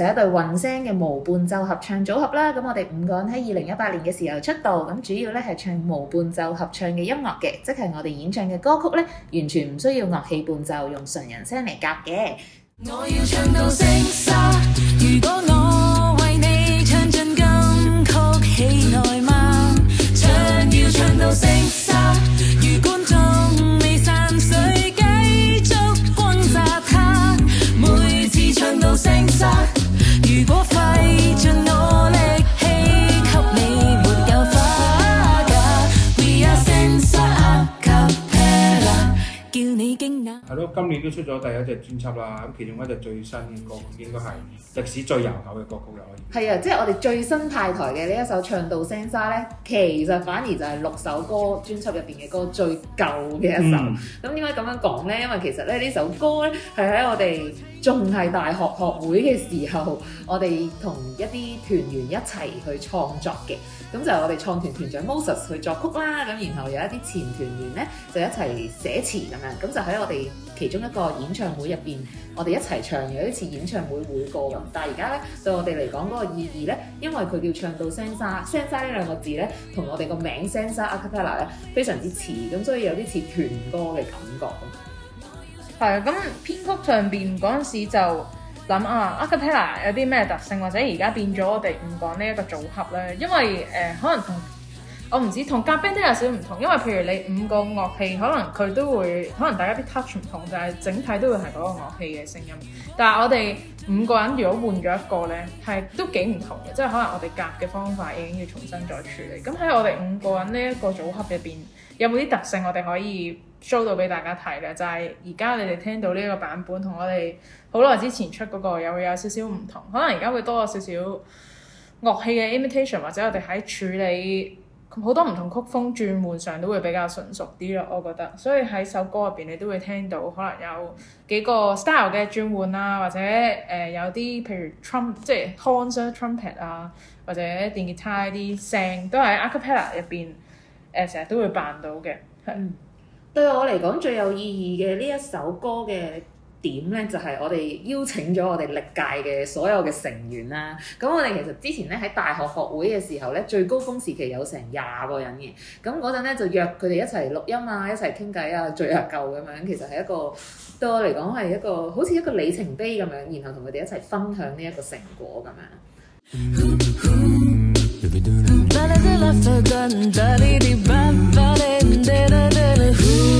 就係一對混聲嘅無伴奏合唱組合啦，咁我哋五個人喺二零一八年嘅時候出道，咁主要呢係唱無伴奏合唱嘅音樂嘅，即係我哋演唱嘅歌曲呢，完全唔需要樂器伴奏，用純人聲嚟夾嘅。已經出咗第一隻專輯啦。咁其中一隻最新嘅歌曲應該係歷史最悠久嘅歌曲啦。可以係啊，即係我哋最新派台嘅呢一首《唱到聲沙》咧，其實反而就係六首歌專輯入邊嘅歌最舊嘅一首。咁點解咁樣講咧？因為其實咧，呢首歌咧，係喺我哋仲係大學學會嘅時候，我哋同一啲團員一齊去創作嘅。咁就係我哋創團團長 Moses 去作曲啦。咁然後有一啲前團員咧就一齊寫詞咁樣。咁就喺我哋，其中一個演唱會入邊，我哋一齊唱嘅有啲似演唱會會歌咁。但係而家咧對我哋嚟講嗰個意義咧，因為佢叫唱到《聲沙》，聲沙呢兩個字咧同我哋個名《SENZA A Cappella》咧非常之似，咁所以有啲似團歌嘅感覺咯。係啊，咁編曲上邊嗰陣時就諗啊，A Cappella 有啲咩特性？或者而家變咗我哋唔講呢一個組合咧，因為誒可能同。我唔知同夾 band 都有少少唔同，因為譬如你五個樂器，可能佢都會，可能大家啲 touch 唔同，就係整體都會係嗰個樂器嘅聲音。但係我哋五個人如果換咗一個呢，係都幾唔同嘅，即係可能我哋夾嘅方法已經要重新再處理。咁喺我哋五個人呢一個組合入邊，有冇啲特性我哋可以 show 到俾大家睇嘅？就係而家你哋聽到呢一個版本，同我哋好耐之前出嗰個又會有少少唔同，可能而家會多咗少少樂器嘅 imitation，或者我哋喺處理。好多唔同曲風轉換上都會比較純熟啲咯，我覺得。所以喺首歌入邊你都會聽到，可能有幾個 style 嘅轉換啦、啊，或者誒、呃、有啲譬如 trump 即係 horn、trumpet 啊，或者電吉他啲聲都喺 acapella 入邊誒成、呃、日都會扮到嘅。係。對我嚟講最有意義嘅呢一首歌嘅。點咧就係、是、我哋邀請咗我哋歷屆嘅所有嘅成員啦。咁我哋其實之前咧喺大學學會嘅時候咧，最高峰時期有成廿個人嘅。咁嗰陣咧就約佢哋一齊錄音啊，一齊傾偈啊，聚下舊咁樣。其實係一個對我嚟講係一個好似一個里程碑咁樣，然後同佢哋一齊分享呢一個成果咁樣。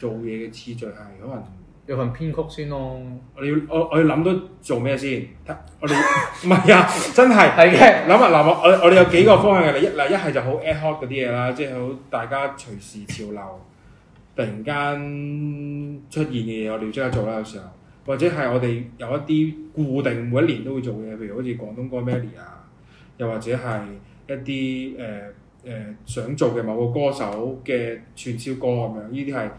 做嘢嘅次序係可能要份編曲先咯我。我哋要我我要諗到做咩先？ 我哋唔係啊， 真係係嘅諗下，嗱的我我哋有幾個方向嘅啦。一嗱一係就好 ad hoc 嗰啲嘢啦，即係好大家隨時潮流突然間出現嘅嘢，我哋要即刻做啦。有時候或者係我哋有一啲固定每一年都會做嘅，譬如好似廣東歌 medley 啊，又或者係一啲誒誒想做嘅某個歌手嘅串燒歌咁樣，呢啲係。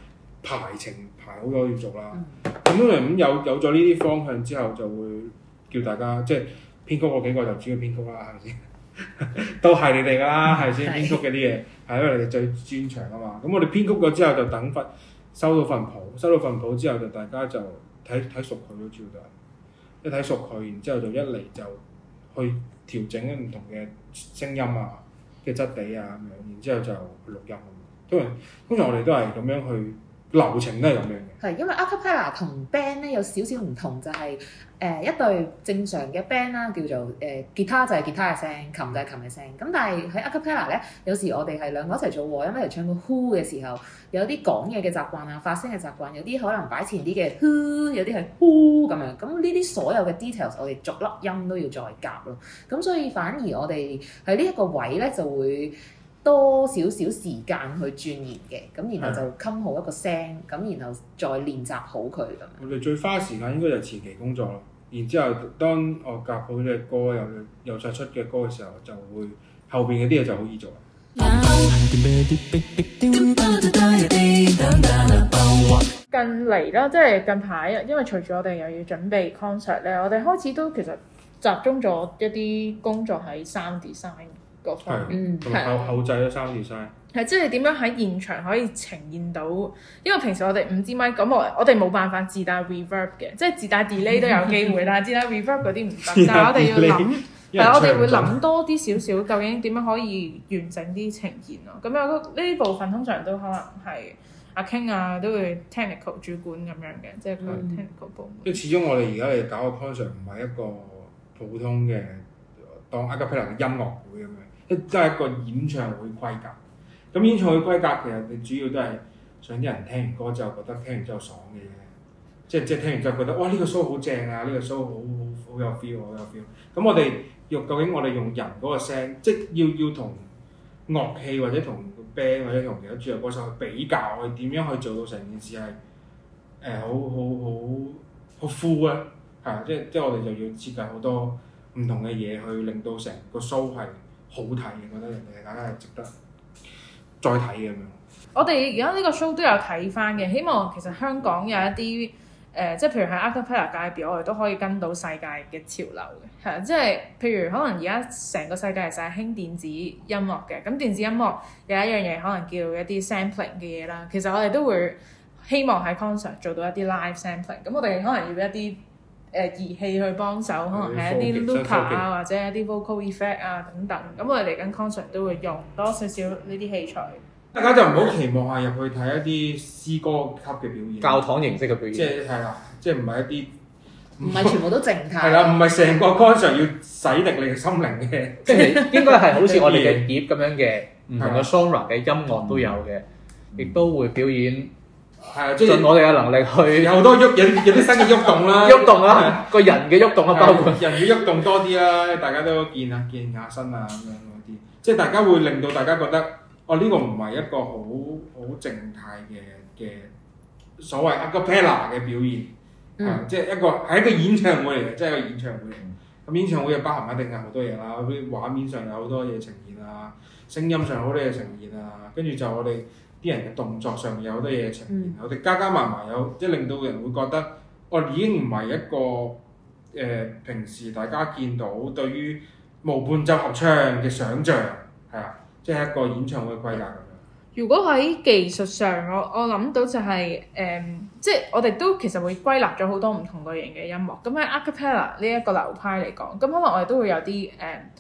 排程排好多要做啦，咁樣咁有有咗呢啲方向之後，就會叫大家即係編曲嗰幾個就主要編曲啦，係咪先 都係你哋噶啦，係先編曲嗰啲嘢，係因為你哋最專長啊嘛。咁我哋編曲過之後就等份收到份譜，收到份譜之後就大家就睇睇熟佢咯，主要就一睇熟佢，然之後就一嚟就去調整唔同嘅聲音啊嘅質地啊咁樣，然之後就去錄音咁。通常通常我哋都係咁樣去。嗯流程都係咁樣，係、嗯、因為 acapella 同 band 咧有少少唔同，就係、是、誒、呃、一對正常嘅 band 啦，叫做誒、呃、吉他就係吉他嘅聲，琴就係琴嘅聲。咁但係喺 acapella 咧，有時我哋係兩個一齊做和音，一齊唱個呼嘅時候，有啲講嘢嘅習慣啊，發聲嘅習慣，有啲可能擺前啲嘅，呼，有啲係呼咁樣。咁呢啲所有嘅 details，我哋逐粒音都要再夾咯。咁所以反而我哋喺呢一個位咧就會多少少時間去鑽研嘅，咁然後就襟好一個聲，咁然後再練習好佢咁、嗯、樣。我哋最花時間應該就係前期工作咯，然之後當我夾好嘅歌又又再出嘅歌嘅時候，就會後邊嗰啲嘢就好易做啦。近嚟啦，即係近排，因為隨住我哋又要準備 concert 咧，我哋開始都其實集中咗一啲工作喺 sound design。個房，各方面嗯，同埋口口仔都收住即係點樣喺現場可以呈現到？因為平時我哋五支麥咁，我我哋冇辦法自帶 reverb 嘅，即係自帶 delay 都有機會，嗯、但係自帶 reverb 嗰啲唔得。但係我哋要諗，係我哋會諗多啲少少，究竟點樣可以完整啲呈現咯？咁啊，呢部分通常都可能係阿 King 啊，都會 technical 主管咁樣嘅，即係佢 technical 部門。即、嗯嗯、始終我哋而家嚟搞個 concert 唔係一個普通嘅當一個普通音樂會咁樣。即係一個演唱會規格咁。演唱會規格，其實你主要都係想啲人聽完歌之後覺得聽完之後爽嘅嘢，即即聽完之後覺得哇呢個 show 好正啊，呢個 show 好好好有 feel 好有 feel。咁我哋用究竟我哋用人嗰個聲，即要要同樂器或者同 band 或者同其他主流歌手去比較，去點樣去做到成件事係誒、呃、好好好好酷咧？係啊，即即我哋就要設計好多唔同嘅嘢去令到成個 show 係。好睇，我覺得人哋梗係值得再睇咁樣。我哋而家呢個 show 都有睇翻嘅，希望其實香港有一啲誒、呃，即係譬如喺 electronic 界別，我哋都可以跟到世界嘅潮流嘅。係即係譬如可能而家成個世界係興晒電子音樂嘅，咁電子音樂有一樣嘢可能叫一啲 sampling 嘅嘢啦。其實我哋都會希望喺 concert 做到一啲 live sampling。咁我哋可能要一啲，誒儀器去幫手，可能係一啲 loop 啊，或者一啲 vocal effect 啊等等。咁我哋嚟緊 concert 都會用多少少呢啲器材。大家就唔好期望係入去睇一啲詩歌級嘅表演，教堂形式嘅表演，即係係啦，即係唔係一啲，唔係全部都靜態。係啦，唔係成個 concert 要洗滌你嘅心靈嘅，即係應該係好似我哋嘅碟咁樣嘅唔同嘅 solo 嘅音樂都有嘅，亦、 嗯、都會表演。係啊，即盡我哋嘅能力去。 有好多喐，有有啲新嘅喐動啦、啊，喐、啊、動啦，個人嘅喐動啦、啊，包括。人嘅喐動，動多啲啦、啊，大家都健下健下身啊咁樣嗰啲，即係大家會令到大家覺得，哦呢、呢個唔係一個好好靜態嘅嘅所謂 a cappella 嘅表現， 啊、即係一個係一個演唱會嚟嘅，即係一個演唱會。咁 演唱會又包含一定係好多嘢啦，啲畫面上有好多嘢呈現啊，聲音上好多嘢呈現啊，跟住就我哋。啲人嘅動作上面有好多嘢呈現，嗯、然後我哋加加埋埋有，即、就、係、是、令到人會覺得，我已經唔係一個誒、呃、平時大家見到對於無伴奏合唱嘅想像，係啊，即、就、係、是、一個演唱會嘅規格。咁樣。如果喺技術上，我我諗到就係、是、誒、嗯，即係我哋都其實會歸納咗好多唔同類型嘅音樂。咁喺 A Cappella 呢一個流派嚟講，咁可能我哋都會有啲誒、嗯、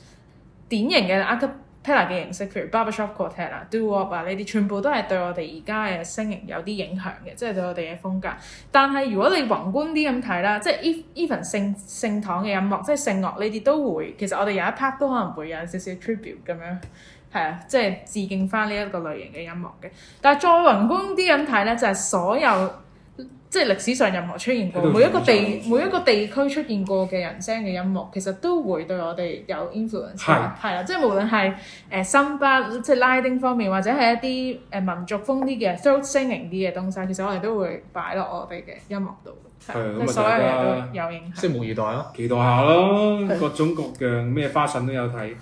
典型嘅 A Cappella。C 披拉嘅形式，譬如 Barbershop Quartet 啊、Doo Wop 啊呢啲，全部都係對我哋而家嘅聲形有啲影響嘅，即係對我哋嘅風格。但係如果你宏觀啲咁睇啦，即係 Even 聖聖堂嘅音樂，即係聖樂呢啲都會，其實我哋有一 part 都可能會有少少 tribute 咁樣，係啊，即係致敬翻呢一個類型嘅音樂嘅。但係再宏觀啲咁睇咧，就係所有。即係歷史上任何出現過每一個地，每一個地區出現過嘅人聲嘅音樂，其實都會對我哋有 influence。係啊，即係無論係誒森巴即係拉丁方面，或者係一啲誒民族風啲嘅 throat singing 啲嘅東西，其實我哋都會擺落我哋嘅音樂度。咁所有嘢都有影響。即係拭目以待啊，期待下咯，各種各樣咩花臣都有睇。